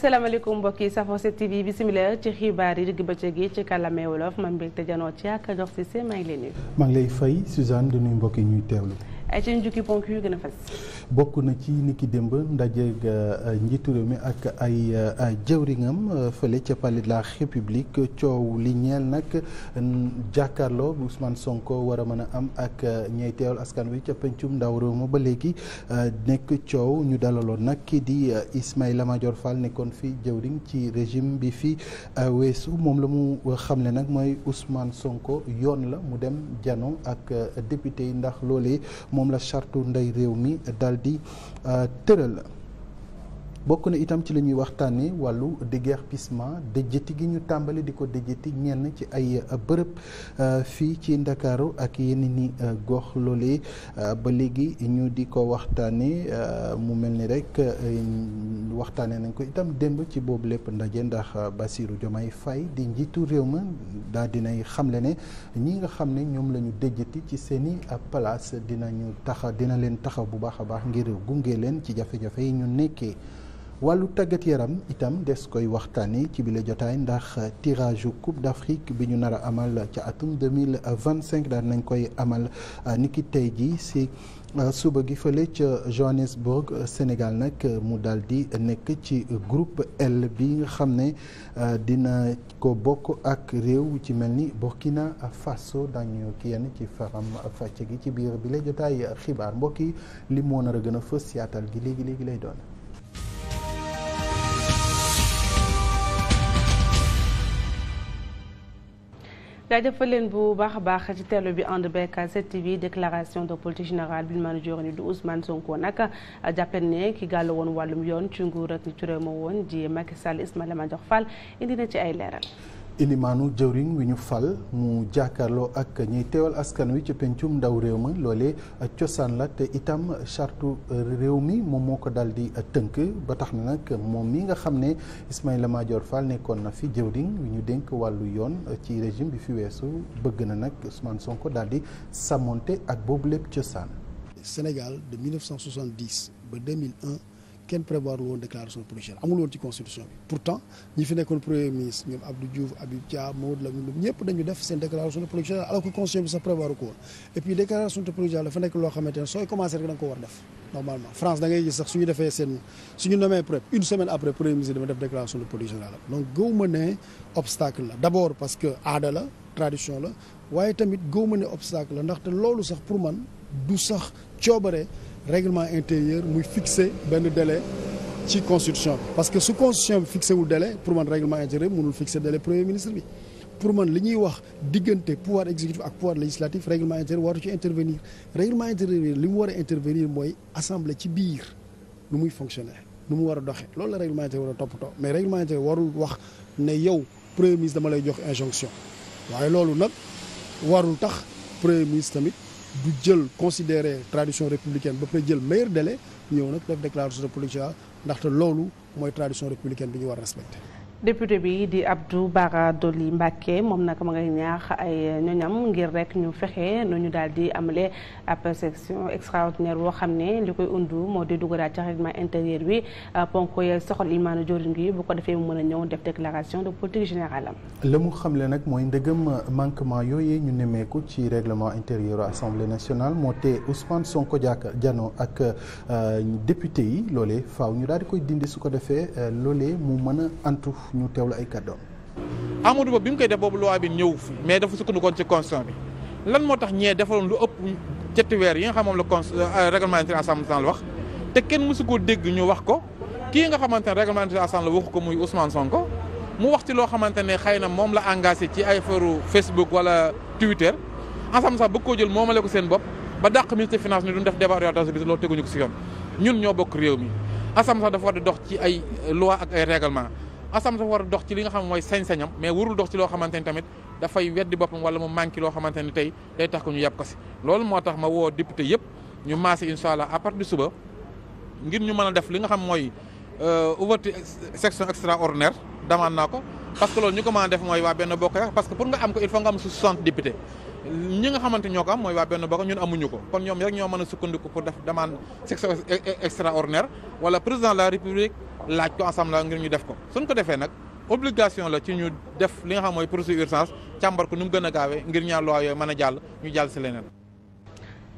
asalaamaaleykum mbokk yi safo 7TV bisimilah ci xibaar yi digg bëccëg gi ci kàllaame wolof man mbégte janoo ci ak jox si see maa ngi lay nuyu. maa ngi lay fay Suzanne di nuyu mbokk yi ñuy teewlu. ay bokk na ci niki démb ndajeeg euh, njiitu réew mi ak ay euh, jëwriñam euh, fële ca palais la république coow li ñeel nag jàkkarloo bu Ousmane Sonko war mën a am ak ñay teewal askan wi ca pencum ndaw réew ma ba léegi nekk coow ñu dalaloon nag kii di Ismaïla Madior Fall nekkoon fi jëwriñ ci régime bi fi weesu moom la mu xamle nag mooy Ousmane Sonko yoon la mu dem jano ak député yi ndax loolee moom la chartu ndey réew mi daal di euh, tëral bokk na itam ci li ñuy waxtaanee wàllu déguerpissement dëjëti gi ñu tàmbali di ko dëjëti ñenn ci ay euh, bërëb euh, fii ci Ndakaaru ak yenn ni euh, gox loolee ba léegi ñu di ko waxtaanee mu mel ni rek waxtaanee nañ ko itam démb ci boobu lépp ndaje ndax Bassirou Diomaye fay di njiitu réew ma daal dinay xamle ne ñi nga xam ne ñoom la ñu dëjëti ci seeni place dinañu taxa dina leen taxaw bu baax a baax ngir gunge leen ci jafe-jafe yi ñu nekkee. wàllu tàggat yaram itam des koy waxtaanee ci bile jotaay ndax tirage coupe d'Afrique bi ñu nar a amal ca atum 2025 daan nañ koy amal euh, niki tey ji si euh, suba gi fële ca Johannesburg euh, Sénégal nag mu daal di nekk ci groupe L bi nga xam ne dina ko bokk ak réew ci mel ni Burkina Faso dañu ki yenn ci faram fàcce gi ci biir bi lay jotaay xibaar mbokk yi li moo nar a gën a fës yaatal gi léegi léegi lay doon. jaajëfal leen bu baax a baax ci teelu bi ànd beeg 7TV déclaration de politique générale bi maanaam jëwriñu du Ousmane Sonko nag jàppal ne ki gàll woon wàllum yoon ci nguur ak ni ci réew ma woon di Macky Sall Ismaïla Madior Fall indi na ci ay leeral. ilimaanu jëwriñ wi ñu fal mu jàkkaarloo ak ñiy teewal askan wi ci pencum ndaw réew ma loolee cosaan la te itam chartu réew mi moom moo ko daldi di tënk ba tax na nag moom mi nga xam ne Ismaïla Madior Fall nekkoon na fi jëwriñ wi ñu dénk wàllu yoon ci régime bi fi weesu bëgg na nag Ousmane Sonko daal di ak boobu lépp cosaan. Sénégal de 1970 ba 2001. kenn prévoir lu woon déclaration provisoire amul woon ci constitution bi pourtant ñi fi nekkoon premier ministre seen déclaration de provisoire alors que constitution bi sax prévoir ko woon et puis déclaration de provisoire dafa nekk loo xamante ne sooy commencé rek da nga ko la d' abord que aada la tradition la waaye tamit gëw ma ne obstacle la ndax te loolu sax pour man du sax coobare règlement intérieur muy fixé benn délai ci constitution bi parce que su constitution bi fixé wul délai pour man règlement intérieur mënul fixé délai premier ministre bi pour man li ñuy wax diggante pouvoir exécutif ak pouvoir législatif règlement intérieur waru ci intervenir règlement intérieur li mu war a intervenir mooy assemblée ci biir lu muy fonctionner lu mu war a doxee loolu la règlement intérieur war a toppatoo mais règlement intérieur warul wax ne yow premier ministre dama lay jox injonction waaye loolu nag warul tax premier tamit du jël considérer tradition républicaine ba pare jël meilleur délai ñëw nag def déclaration de politique ndaxte loolu mooy tradition républicaine bi ñu war respecter député bi di Abdou Bara Dolly Mbacké moom nag ma ngay ñaax ay ñoñam ngir rek ñu fexe nu ñu daal di amale ab section extraordinaire boo xam ne li koy undu moo di dugalaat ci règlement intérieur bi ponk yooyu soxal ilmaanu jorin gi bu ko defee mu mën a ñëw def déclaration de politique générale am. la mu xamle nag mooy ndegam manquement yooyu ñu nemmeeku ci règlement intérieur assemblée nationale moo son ko Sonko Diano ak euh, député yi loole faaw ñu daal di koy dindi su ko defee euh, loolee mu mën a antu. ñu teewlu ay kàddoom. Amadou Ba bi mu koy def boobu loi bi ñëw fi mais dafa sukkandikoon ci constitution bi lan moo tax ñee defaloon lu ëpp cetti yi nga xam moom la con euh, euh, règlement intérieur assemblée nationale wax te kenn mësu koo dégg ñu wax ko kii nga xamante ne règlement intérieur assemblée waxu ko muy Ousmane Sonko mu wax ci loo xamante ne xëy na moom la engagé ci ay faru Facebook wala Twitter ensemble a bëgg koo jël moomale ko seen bopp ba dàq ministre des ni duñ def débat orientation bi loolu teguñu ko si yoon ñun ñoo bokk réew mi ensemble sax dafa war di ci ay euh, loi ak ay règlement asam dafa war a dox ci li nga xam mooy sañ-sañam mais warul dox ci loo xamante ni tamit dafay weddi boppam wala mu manqué loo xamante ni tey day tax ko ñu yàpp ko si loolu moo tax ma woo député yëpp ñu maase incha allah à partir de suba ngir ñu mën a def li nga xam mooy euh, ouverture section extraordinaire demande naa ko parce que loolu ñu ko mën a def mooy waa benn bokk parce que pour nga am ko il faut nga am su 60 députés ñi nga xamante ñoo ko am mooy waa benn bokk ñun amuñu ko kon ñoom rek ñoo mën a sukkandiku pour def demande section extraordinaire wala président de la république laaj ko assemblée ngir ñu def ko suñ ko defee nag obligation la ci ñu def li nga xam mooy procédure urgence càmbar ko nu mu gën a gaawee ngir ñaar loi yooyu mën a jàll ñu jàll si leneen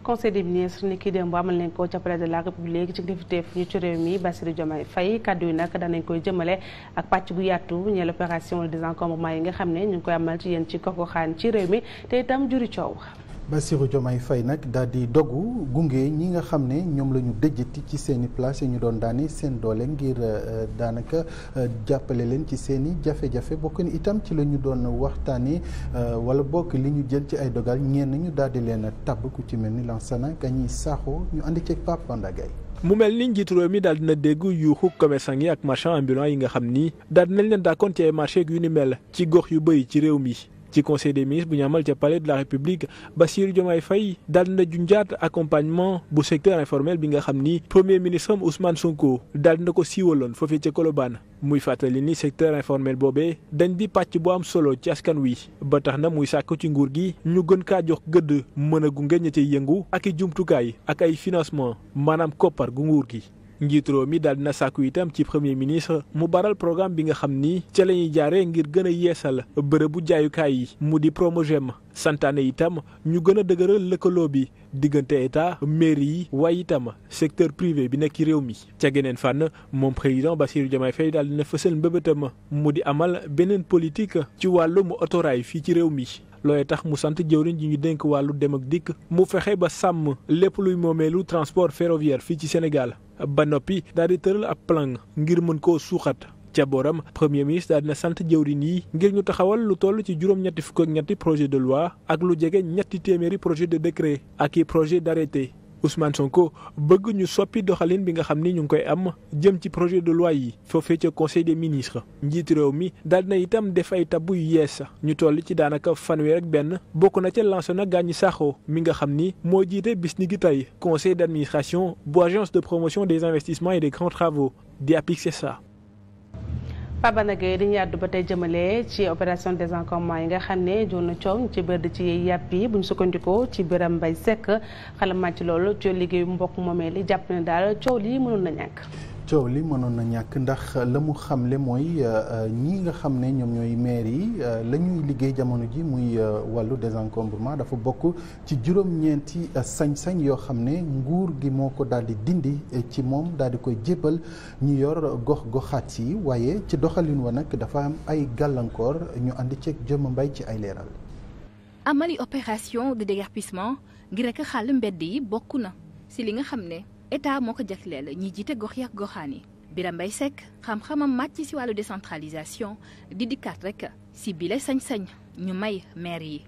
conseil des ministres ni kii démb amal nañ ko ca palais de la république ci kilifteef ñu ci réew mi Bassirou Diomaye Faye kàddu yi nag danañ koy jëmale ak pàcc bu yaatu ñeel opération désencombrement yi nga xam ne ñu ngi koy amal ci yéen ci gox xaan ci réew mi te itam juri coow. Bassirou Diomaye fay nag daal di dogu gunge ñi nga xam ne ñoom la ñu dëjati ci seeni i place yi ñu doon daani seen doole ngir euh, daanaka euh, jàppale leen ci seen i jafe-jafe bokk ni itam ci la ñu doon waxtaani euh, wala bokk li ñu jël ci ay dogal ñenn ñu daal di leen tabb ku ci mel ni Lansana Gagny a ñu andi ñu Pape ci Gaye mu mel ni njiitu réew mi daal dina dégg yuuxu commerçant yi ak marchand ambulant yi nga xam ni daal dinañ leen dàkkoon ci ay marché yu ni mel ci gox yu bëri ci réew mi. ci conseil des ministres bu ñu amal ca palais de la république Bassirou Diomaye Faye daal na junjaat accompagnement bu secteur informel bi nga xam ni premier ministre am Ousmane Sonko daal na ko siiwaloon foofee ca Colobane muy fàttali ni secteur informel boobee dañ di pàcc bu am solo ci askan wi ba tax na muy sàkk ci nguur gi ñu gën kaa jox gëdd mën a gunge ña cay yëngu ak i jumtukaay ak ay financement maanaam koppar gu nguur gi. njiit réew mi daal dina sàkku itam ci premier ministre mu baral programme bi nga xam ni ca la ñuy jaaree ngir gën a yeesal bu jaayukaay yi mu di Promogem santaane itam ñu gën a dëgëral lëkkaloo bi diggante état mairie yi waaye itam secteur privé bi nekk ci réew mi. ca geneen fànn moom président Bassirou Diomaye Faye daal dina fësal mbébétam mu di amal beneen politique ci wàllum autorail fii ci réew mi. loolee tax mu sant jëwriñ ji ngi dénk wàllu dem ak dikk mu fexe ba sàmm lépp luy moomeelu transport ferroviaire fii ci Sénégal ba noppi daal di tëral ab plan ngir mën koo suuxat ca booram premier ministre daal dina sant jëwriñ yi ngir ñu taxawal lu toll ci juróom-ñetti fukk ak ñetti projet de loi ak lu jege ñetti téeméeri projet de décret ak i projet d' Ousmane Sonko bëgg ñu soppi doxalin bi nga xam ni ñu ngi koy am jëm ci projet de loi yi foofee ca conseil des ministres njiitu réew mi daal na itam defay ay tabu yu yees ñu toll ci daanaka fanweer ak benn bokk na ca Lansana Gagny Sakho mi nga xam ni moo jiite bis ni gi tey conseil d' administration bu agence de promotion des investissements et des grands travaux di APIX SA Pabana Gueye dañuy àddu ba tey jëmale ci opération désencombrement yi nga xam ne joon na coow ci bërd ci yàpp yi bu ñu sukkandikoo ci Biram Mbay Sekk xalam màcc loolu ci liggéeyu mbokk moomee li jàpp ne daal coow lii mënoon na ñàkk coow li mënoon na ñàkk ndax la mu xamle mooy euh, euh, ñii nga xam ne ñoom ñooy maire yi euh, la ñuy liggéey jamono ji muy wàllu désencombrement dafa bokk ci juróom-ñeenti sañ-sañ yoo xam ne nguur gi moo ko daal di dindi ci moom daal di koy jébbal ñu yor gox-goxaat yi waaye ci doxalin wa nag dafa am ay gàllankoor ñu àndi ceeg jëmm mbay ci ay leeral. amali opération de déguerpissement ngir rek xàll mbedd yi bokk na si li nga xam ne. état moo ko jagleel ñi jiite gox yi ak goxaan yi Birame bay Seck xam-xamam màcc ci wàllu décentralisation di dikkaat rek si bile sañ-sañ ñu may maire yi.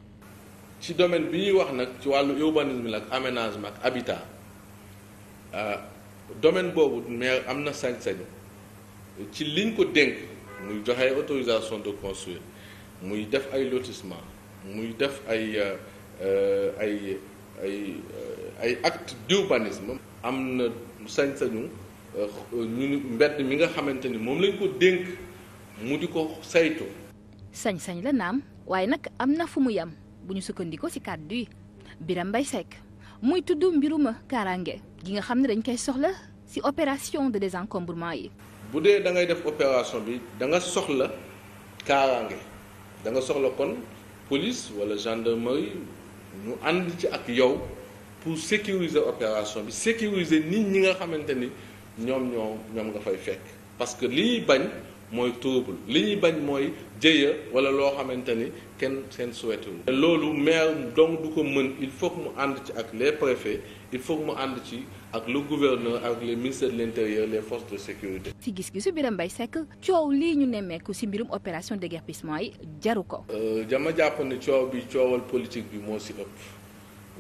ci domaine bi ñuy wax nag ci wàllu urbanisme la ak aménagement ak habitat euh, domaine boobu maire am na sañ-sañ ci liñ ko dénk muy joxe autorisation de construire muy def ay lotissement muy def ay euh, euh, ay. ay acte d'urbanisme am na sañ-sañu euh, mbedd mi nga xamante ni moom lañ ko dénk mu di ko saytu sañ-sañ la naam waaye nag am na fu mu yem bu ñu sukkandikoo ci kàddu yi Birame Mbaye Seck muy tudd mbiruma kaaraange gi nga xam ne dañ koy soxla ci opération de des désencombrement yi bu dee dangay def opération bi da nga soxla kaaraange da soxla kon police walla gendarmerie ñu ànd ci ak yow pour sécuriser opération bi sécuriser nit ñi nga xamante ni ñoom ñoo ñoom nga fay fekk parce que li ñuy bañ mooy trouble li ñuy bañ mooy jëya wala loo xamante ni kenn seen souhaité loolu maire donc du ko mën il faut mu ànd ci ak les préfets il faut mu ànd ci ak lu gouverneur ak les ministères de l'intérieur les forces de sécurité ci gis-gisu Birame Mbaye Seck coow lii ñu nemmeeku ci mbirum opération déguerpissement yi jaru ko dama euh, jàpp ne coow bi coowal politique bi moo ci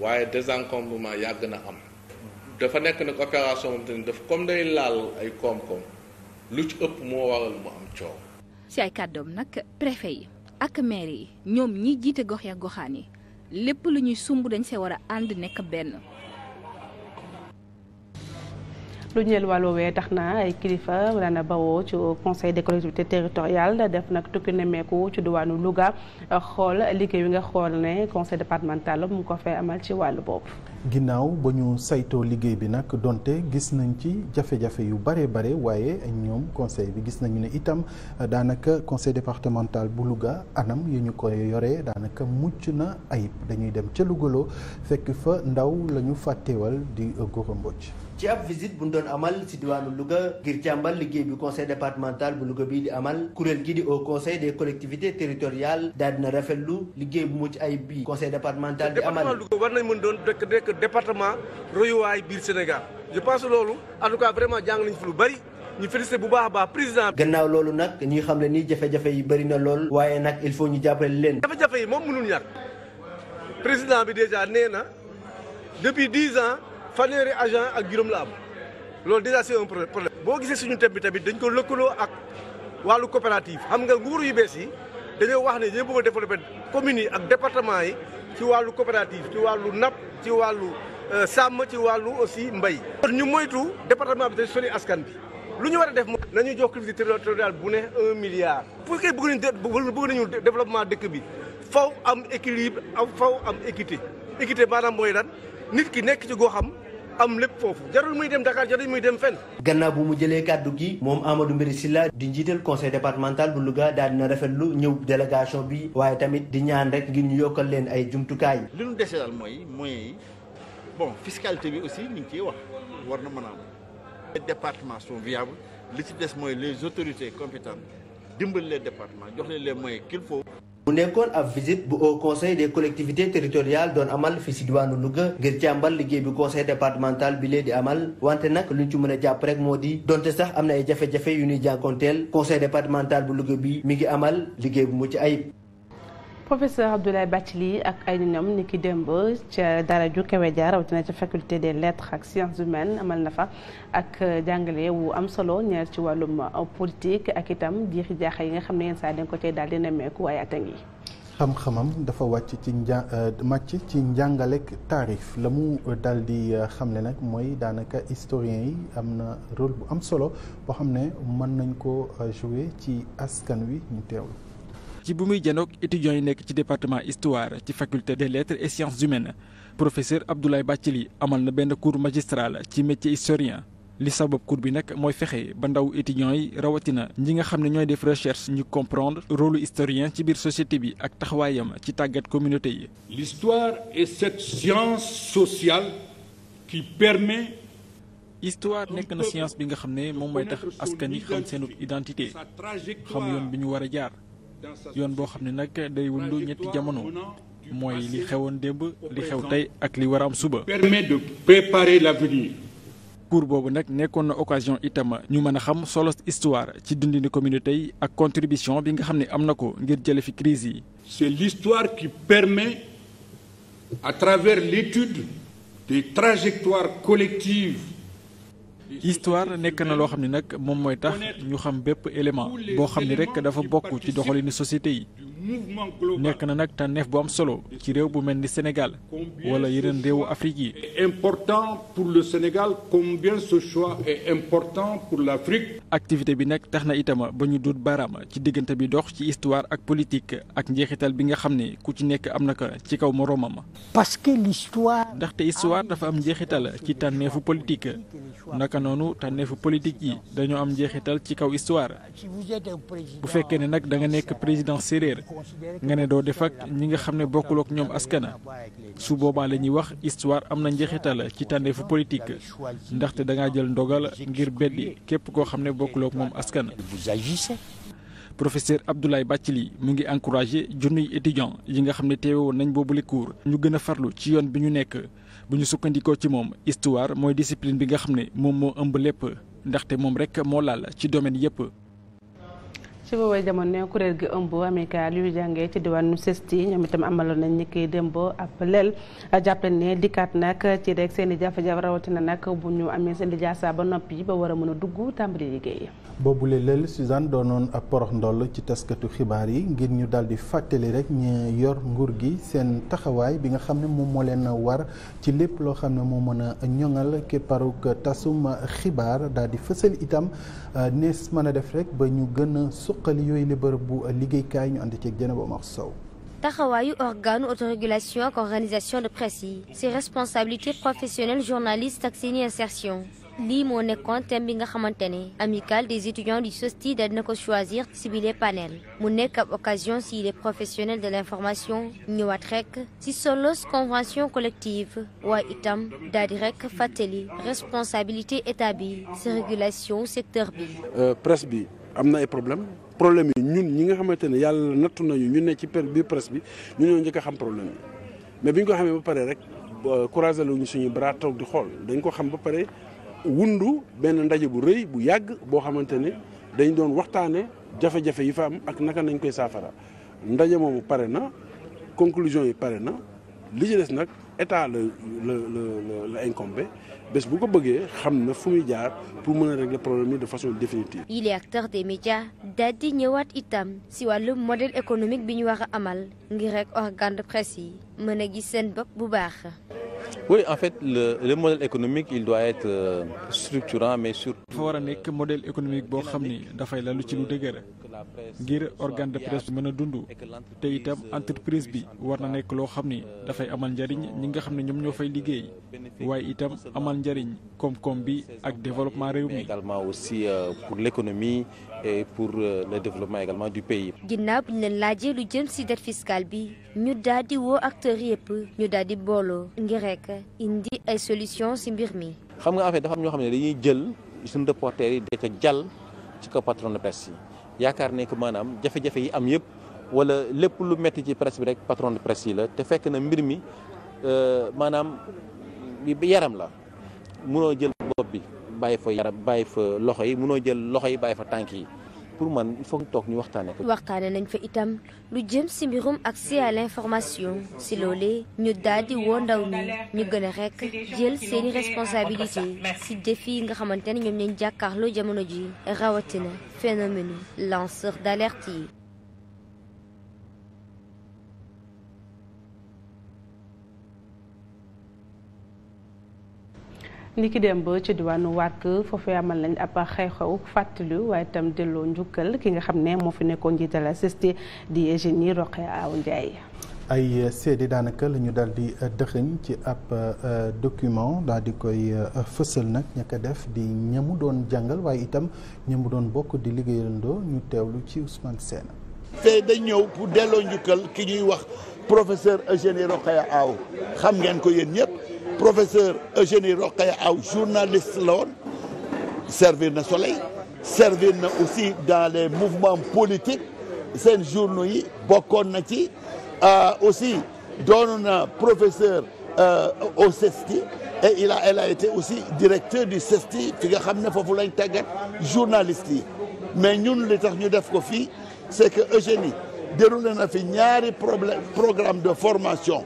waaye désencombrement yàgg na am dafa nekk nag opération moom tamit dafa comme day laal ay koom-koom lu ci ëpp moo waral mu am coow. ci ay kàddoom nag préfet yi ak maire yi ñoom ñi jiite gox ya goxaan yi lépp lu ñuy sumb dañ see war a ànd nekk benn. lu ñeel wàllu wee tax na ay kilifa daana bawoo ci conseil des collectivités territoriales def nag tukki nemmeeku ci diwaanu Louga xool liggéey bi nga xool ne conseil départemental mu ko fee amal ci wàllu boobu. ginnaaw ba ñu saytoo liggéey bi nag donte gis nañ ci jafe yu bare bare waaye ñoom conseil bi gis nañu ne itam daanaka conseil départemental bu Louga anam yu ñu ko yore daanaka mucc na ayib dañuy dem ca Louga loo fekk fa ndaw la fàtteewal di Gora Mbodj ci ab visite bu ñu doon liggéey bi conseil départemental bu Louga bii di amal kuréel gi di au conseil des collectivités territoriales daal dina rafetlu liggéey bu mucc ay bii conseil départemental di amal département Louga war nañ mën doon dëkk dëkk département royuwaay biir Sénégal je pense loolu en tout cas vraiment jàng nañ fi lu bari ñu félicité bu baax baax président. gannaaw loolu nag ñuy xam ne nii jafe-jafe yi bari na lool. waaye nag il faut ñu jàppale leen. jafe-jafe yi moom mënul ñàkk président bi déjà nee na depuis ans. fanweeri agent ak juróom la am loolu déjà c'est un problème. boo gisee suñu thème bi tamit dañ ko lëkkaloo ak wàllu coopérative xam nga nguur yu bees yi dañoo wax ne dañoo bëgg a développer communes yi ak département yi ci wàllu coopérative ci wàllu napp ci wàllu euh, sàmm ci wàllu aussi mbay. kon ñu moytu département bi dañ sori askan bi. lu ñu war a def mooy nañu jox collectivité territoriale bu ne un milliard. pour que bëgg nañu bëgg nañu développement dëkk bi faw am équilibre am faw am équité équité maanaam mooy lan nit ki nekk ci goo xam. am lépp foofu jarul muy dem Dakar jarul muy dem fen gannaaw bu mu jëlee kàddu gi moom Amadou Mbiri Sylla di njiital conseil départemental bu Louga daal dina rafetlu ñëw délégation bi waaye tamit di ñaan rek ngir ñu yokkal leen ay jumtukaay. li ñu dese daal mooy mooy yi bon fiscalité bi aussi ñu ngi ciy wax war na mën a am. les départements sont li ci des mooy les autorités compétentes dimbali les départements jox leen les moyens qu'il bu nekkoon ab visite bu au conseil des collectivité territoriales doon amal fi si diwaanu Louga ngir càmbal liggéey bi conseil départemental bi lee di amal wante nag luñ ci mën a jàpp rek moo di donte sax am na ay jafe-jafe yu ñuy jànkoonteel conseil départemental bu Louga bi mi ngi amal liggéey bu mucc ayib professeur Abdoulaye lii ak ay ñoom ni ki démb ca dara ju kawe jaar rawatina ca faculté de lettres ak sciences humaines amal na fa ak euh, jàngale wu am solo ñaar ci wàllum euh, politique ak itam jiixi jaaxa yi nga xam ne yenn saa dañ ko cay daal di nemmeeku waaye atang yi xam-xamam dafa wàcc ci nja euh, màcc ci njàngalek taarif lamu mu dal di xamle nag mooy daanaka historien yi am na rôle bu am solo boo xam ne mën nañ ko jouer ci askan wi ñu teewlu ci bu muy janook étudiants yi nekk ci département histoire ci faculté des lettres et sciences humaines professeur Abdoulaye Bathily amal na benn cours magistral ci métier historien li sabab cour bi nag mooy fexe ba ndaw étudiants yi rawatina ñi nga xam ne ñooy def recherche ñu comprendre rôle historien ci biir société bi ak taxawaayam ci tàggat communauté yi. l'histoire est cette science sociale qui histoire nekk na science bi nga xam ne moom mooy tax askan yi xam seenu identité xam yoon bi ñu war a jaar. yoon boo xam ne nag day wundu ñetti jamono mooy li xewoon démb li xew tey ak li war a am suba. permet de préparer l'avenir. boobu nag nekkoon na occasion itam ñu mën a xam solo histoire ci dundini communauté yi ak contribution bi nga xam ne am na ko ngir jële fi crise yi. c'est l'histoire qui permet à travers l'étude des trajectoires collectives histoire nekk na loo xam ne nag moom mooy tax ñu xam bépp élément boo xam ne rek dafa bokk ci doxalinu société yi nekk na nag tànneef bu am solo ci réew bu mel ni Sénégal wala yeneen réewu Afrique yi. important pour le Sénégal important pour l'Afrique. activité bi nag tax na itam ba ñu dut baaraam ci diggante bi dox ci histoire ak politique ak njeexital bi nga xam ne ku ci nekk am na ko ci kaw moroomam. parce que l'histoire. ndaxte histoire dafa am njeexital ci tànneefu politique nag naka noonu tànneefu politique yi dañoo am njeexital ci kaw histoire bu fekkee ne nag danga nekk président séeréer nga ne doo def ak ñi nga xam ne bokkul ak ñoom askana su boobaa la ñuy wax histoire am na njeexital ci tànneefu politique ndaxte da ngaa jël ndogal ngir beddi képp koo xam ne bokkul ak moom askana. professeur Abdoulaye li mu ngi encouragé junniy étudiants yi nga xam ne teewe woon nañ boobule ñu gën farlu ci yoon bi ñu nekk. bu ñu sukkandikoo ci moom histoire mooy discipline bi nga xam ne moom moo ëmb lépp ndaxte moom rek moo laal ci domaine yépp ci boobu jamono kuréel gi ëmb amical yu jàngee ci diwaanu CESTI ñoom itam amaloon nañ ñi koy démb ab leel jàppale ne dikkaat nag ci rek seen i jafe-jafe rawatina nag bu ñu amee seen i jaasa ba noppi ba war a mën a dugg tàmbali liggéey. boobule lël Suzanne doonoon ab porox ndoll ci taskatu xibaar yi ngir ñu daal di fàttali rek ñu yor nguur gi seen taxawaay bi nga xam ne moom moo leen war ci lépp loo xam ne moo mën a ñoŋal kepparuk tasum xibaar daal di fësal itam euh, nees mën a def rek ba ñu gën a suqali yooyu li bërëb bu liggéeykaay ñu ànd ceeg jëna ba Omar Sow taxawaayu organe autorégulation ak organisation de presse yi ses responsabilités professionnelles journalistes ak seeni insertion lii moo nekkoon thème bi nga xamante ne amicale des étudiants du SOSTI na ko choisir si bile panel mu nekk ab occasion si les professionnels de l'information ñëwaat rek si solos convention collective waaye itam daal di rek fàttali responsabilité état bi si régulation secteur bi. Euh, presse bi am na ay problème problème yi ñun ñi nga xamante ne yàlla nattu nañu ñun ne ci per bi presse bi ñu ñoo njëkk xam problème yi mais bi ñu ko xamee ba pare rek euh, courage la suñu bras toog xool dañ ko xam ba pare. wundu benn ndaje bu rëy bu yàgg boo xamante ne dañ doon waxtaane jafe-jafe yi fa am ak naka nañ koy saafara ndaje moomu pare na conclusion yi pare na li ci des nag état la la la la incombé bés bu ko bëggee xam na fu muy jaar pour mën a régler problème yi de façon définitive. il est acteur des médias daal di ñëwaat itam si wàllu modèle économique bi ñu war a amal ngir rek organe de presse yi mën a gis seen bopp bu baax. oui en fait le, le modèle économique il doit être euh, structurant mais surtout. dafa war a nekk modèle économique boo xam ni dafay lalu ci lu dëgër. ngir organe de presse bi mën a dund te itam entreprise bi war na nekk loo xam ne dafay amal njariñ ñi nga xam ne ñoom ñoo fay liggéey waaye itam amal njariñ kom koom bi ak développement réew mi. également aussi euh, pour l'économie et pour euh, le développement également du pays. ginnaaw bi ñu leen laajee lu jëm ci dette fiscale bi ñu daal woo acteurs yëpp ñu daal di booloo ngir indi ay solution ci mbir mi. xam nga en fait dafa am ñoo xam ne dañuy jël suñu reporter yi da ko jàll ci kaw patron de presse yi. yaakaar ne que maanaam jafe-jafe yi am yëpp wala lépp lu metti ci presse bi rek patron de presse yi la te fekk na mbir mi euh, maanaam yaram la munoo jël bopp bi bàyyi fa yaram bàyyi fa loxo yi munoo jël loxo yi bàyyi fa tànk yi pour man il faut ñu toog ñu waxtaane ko. waxtaane nañ fa itam lu jëm si mbirum accès à l'information si loolee ñu daal di woo ndaw mi ñu gën a rek jël seeni responsabilité si défi yi nga xamante ne ñoom jàkkaarloo jamono ji rawatina phénomène lanceur d'alerte yi. ni dem ba ci diwaanu wàkk foofee amal nañ ab xew-xew fàttali waaye itam delloo njukkal ki nga xam ne moo fi nekkoon njiital assisté di Eugénie Roqe Aw Ndiaye ay seede daanaka la ñu daal di euh, dëxëñ ci ab euh, document dal di koy euh, fësal nag ña ko def di ñamu doon jàngal waaye itam ñamu doon bokk di liggéeyandoo ñu lu ci Ousmane Sène tey dañ ñëw pour delloo njukkal ki ñuy wax professeur Eugénie Rokhaya Aw xam ngeen ko yéen ñëpp professeur Eugénie Rokhaya Aw journaliste la woon servir na Soleil servir na aussi dans les mouvements politiques seen journaux yi bokkoon na ci euh, aussi doon na professeur euh, au CESTI et il a été aussi directeur du sesti fi nga xam ne foofu lañ tàggat journaliste yi mais ñun li tax ñu def ko fii c'est que Eugénie déroulé na fi ñaari problème programme de formation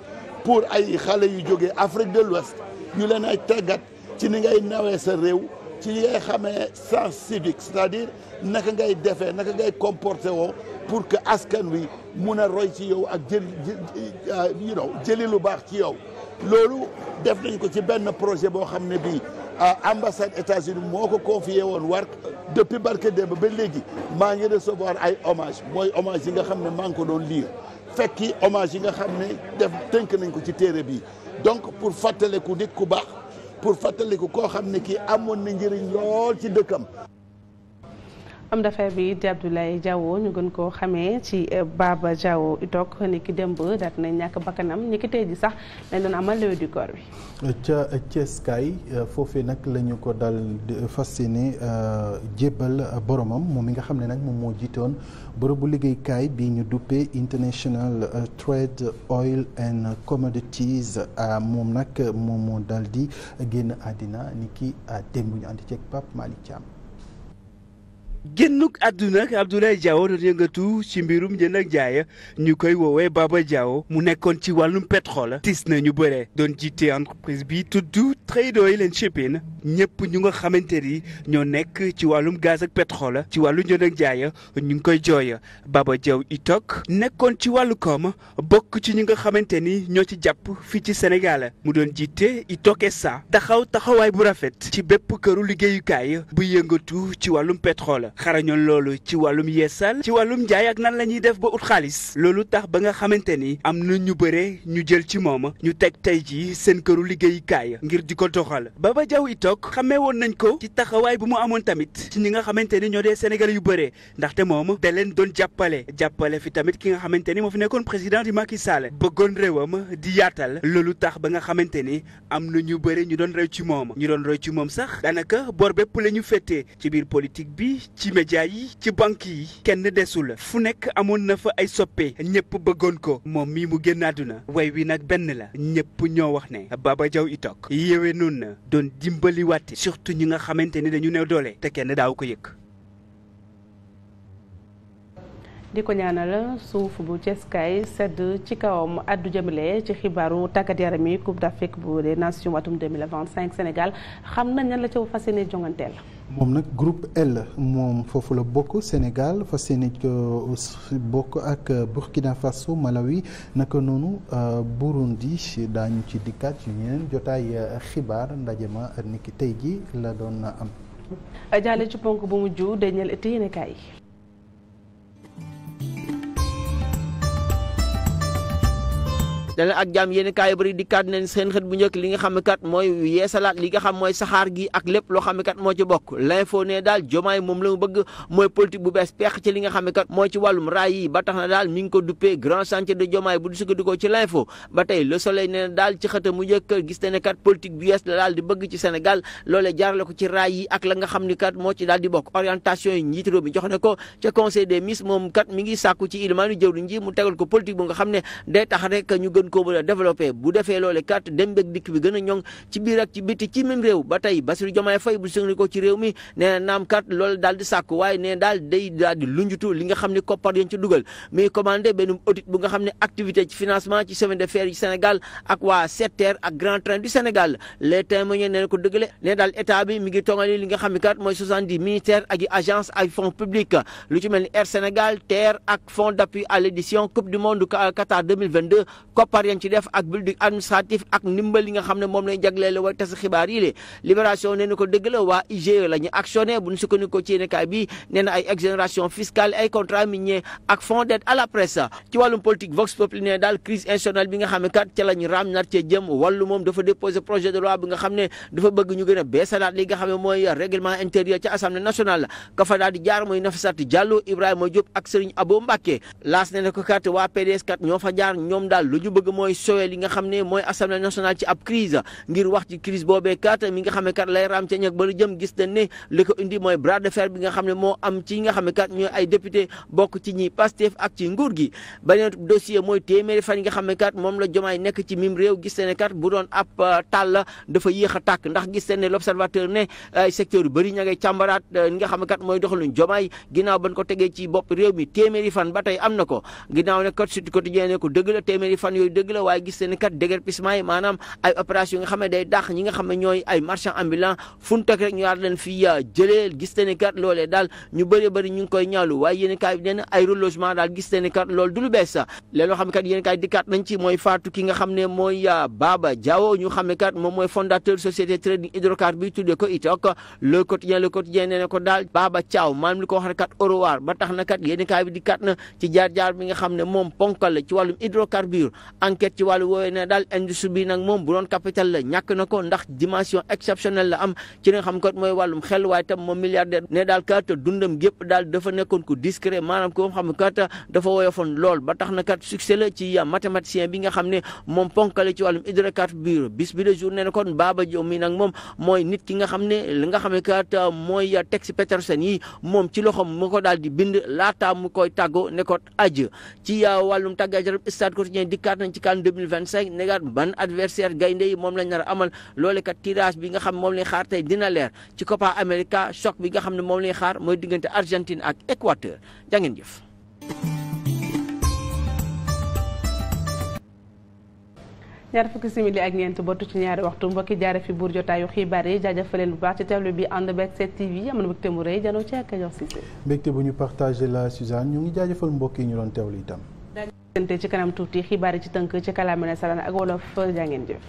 pour ay xale yu jógee Afrique de l'Ouest ñu leen ay teggat ci ni ngay nawee sa réew ci li ngay xamee sens civique c'est-à-dire naka ngay defee naka ngay comporté woo pour que askan wi mun a roy ci yow ak jël you know jëli lu baax ci yow loolu def nañ ko ci benn projet boo xam ne bii euh, ambassade États-Unis moo ko confié woon war depuis barke démb ba léegi maa ngi recevoir ay hommage mooy hommage yi nga xam ne maa ngi ko doon lire fekki hommage yi nga xam ne def tënk nañ ko ci téere bi donc pour fàttaliku nit ku baax pour fàttaliku koo xam ne kii amoon na njëriñ lool ci dëkkam am d'affaires bi di Abdoulaye Diawo ñu gën koo xamee ci euh, baaba Diawo itok ni ki démb daal nañ ñàkk bakkanam ni ki tey ji sax lañ doon amal levée du corps bi ca euh, Thiès kaay euh, nag la ñu ko dal fasciné jébbal boromam moom mi nga xam ne nag moom moo jiitoon bërëbu liggéeykaay bi ñu duppee International Trade Oil and Commodities moom nag moom moo dal di génn àddina ni ki démb ñu ànd ceeg Pape Malick Thiam génnuk àdduna ak Abdoulaye Diawo doon yëngatu ci mbirum jënd ak jaaya ñu koy woowee Baba Diawo mu nekkoon ci wàllum pétrole tis na ñu bëre doon jiite entreprise bi tudd Trade leen and na ñëpp ñu nga xamante ni ñoo nekk ci wàllum gaz ak pétrole ci wàllu njënd ak jaay ñu ngi koy jooy Baba Diaw Itok nekkoon ci wàllu kooma bokk ci ñu nga xamante ni ñoo ci jàpp fii ci Sénégal mu doon jiite Itok SA taxaw taxawaay bu rafet ci bépp këru liggéeyukaay bu yëngatu ci wàllum pétrole xarañoon loolu ci wàllum yeesal ci wàllum jaay ak nan la ñuy def ba ut xaalis loolu tax ba nga xamante ni am na ñu bëre ñu jël ci mooma ñu teg tey ji seen këru liggéeyukaay ngir di ko Sok xamee woon nañ ko ci taxawaay bu mu amoon tamit ci ñi nga xamante ni ñoo dee sénégalais yu bëree ndaxte moom da leen doon jàppale jàppale fi tamit ki nga xamante ni moo fi nekkoon président di Macky Sall bëggoon réewam di yaatal loolu tax ba nga xamante ni am na ñu bëri ñu doon roy ci moom ñu doon roy ci moom sax daanaka bor bépp la ñu féetee ci biir politique bi ci média yi ci banque yi kenn desul fu nekk amoon na fa ay soppe ñëpp bëggoon ko moom mii mu génn àdduna way wi nag benn la ñëpp ñoo wax ne Baba Diaw toog yéwee noon na doon dimbaliwaate surtout ñi nga xamante ni dañu néew doole te kenn daaw ko yëg di ko ñaanal suuf bu ceskaay sedd ci kawam addu jëmale ci xibaaru tàggat yaram yi Coupe d'Afrique bu des nations atum 2025 Sénégal xam nañ nan la ca fas yéene jonganteel moom nag groupe L moom foofu la bokk Sénégal fas yéene euh, bokk ak Burkina Faso Malawi naka noonu euh, Burundi daañu ci dikkaat yu ñeneen jotaay euh, xibaar ndaje ma niki tey ji la doon am. jaale ci ponk bu mujj dañeel it yéen dana ak jàmm yéen kaay bëri di kat nañ seen xët bu njëkk li nga xam ne kat mooy yeesalaat li nga xam mooy saxaar gi ak lépp loo xam kat mooy ci li nga yi ba na daal mi ko duppee grand chantier de jomaay bu du sukkandikoo ci l'info ba tey le soleil ne daal ci xët mu njëkk gis na kat politique bu yees la daal di bëgg ci Sénégal loolee jaarale ko ci raay yi ak la nga xam ni kat moo ci daal di bokk orientation yi njiit réew mi jox na ko ca conseil des ministres moom gën koo mën bu defee loole carte dem beeg dikk bi gën a ñoŋ ci biir ci biti ci même réew ba tey Bassirou Diomaye Faye bu sënni ko ci réew mi nee na naam carte loolu di sàkk waaye nee daal day daal lunjutu li nga xam ne koppar ci dugal muy commandé benn audit bu nga xam ne activité ci financement ci chemin de fer yi Sénégal ak waa SETER ak Grand Train du Sénégal les témoins nee na ko dëggale nee daal état bi mi ngi tongali li nga xam ne kat mooy soixante-dix ministères ak yi agence ay fonds publics lu ci mel ni Air Sénégal TER ak koppar def ak building administratif ak ndimbal nga xam ne moom lañ jagleele way tas xibaar le libération nee ko dëgg la waa IGE la ñu actionné bu ñu sukkandikoo ci yéenekaay bi nee ay exonération fiscale ay contrat minier ak fonds d'aide à la ci wàllum politique Vox Populi daal crise institutionnelle bi nga xam kat ca la ñu raam nar cee jëm wàllu moom dafa déposé projet de loi bi nga xam ne dafa bëgg ñu gën a beesalaat li nga xam mooy règlement intérieur bëgg mooy sowee li nga xam ne mooy assemblée nationale ci ab crise ngir wax ci crise boobee mi nga xam kat lay raam ca ñag ba jëm gis nañ ne li ko mooy bras de fer bi nga xam ne gi beneen dossier mooy téeméeri fan yi nga xam ne kat moom la jomaay nekk ci mim réew gis nañ ne euh, a tàkk ndax gis nañ ne l'observateur ne euh, ay secteur yu bëri ña ngay càmbaraat li euh, nga xam mooy doxalin jomaay ginnaaw ban ko tegee ci bopp réew mi téeméeri fan ba tey am na ko ginnaaw ne kat surtout quotidien ne ko dëgg la téeméeri fan yooyu dëgg la waaye gis nañu kat déguerpissement yi xam ne day dàq ñi nga xam ne ñooy ay marchand ambulant fu ñu teg rek ñu daal euh, gis nañu kat loolee daal ñu bëree bëri ñu ngi koy ñaalu waaye yéen kaay bi nee na ay relogement gis nañu kat loolu du lu bees léegi loo xam ne kat mooy faatu ki nga xam ne mooy euh, Baba Diawo ñu xam ne moom mooy fondateur société trading hydrocarbures bi tuddee ko ITOC le quotidien na ko daal Baba Diawo maanaam li ko wax tax na kat yéen kaay bi dikkaat na ci jaar-jaar bi nga xam ne moom ponkal la ci wàllum hydrocarbures enquête ci wàllu woowu ne daal industrie bi nag moom bu doon la ñàkk na ko ndax dimension exceptionnelle la am ci li nga mooy wàllum xel waaye tam moom milliardaire ne daal kat dundam gépp daal dafa nekkoon ku discret maanaam ko xam kat dafa woyofoon lool ba na kat succès la ci mathématicien bi nga xam ne moom ponkale ci wàllum hydrocarbure bis bi de journée ne kon Baba Diop moom mooy nit ki nga xam ne li nga mooy texte Petersen yi nañ ci kan 2025 négaat ban adversaire gaynde yi moom lañ nar amal loole kat tirage bi nga xam moom lañ xaar tey dina leer ci Copa America choc bi nga xam ne moom lañ xaar mooy diggante Argentine ak Équateur jangeen jëf ñaar fukki simili ak ñeent bottu ci ñaari waxtu mbokki jaare fi buur jotaayu xibaar yi jaajëfaleen bu baax ci teewlu bi ànd beeg 7TV am na mbégte mu rëy janoo ci ak Kajoor Cissé mbégte bu ñu partagé la Suzanne ñu ngi jaajëfal mbokk yi ñu doon teewlu itam daañu gënte ci kanam tuuti xibaar ci tënk ci kàllaama nasaraan ak wolof jaa ngeen jëf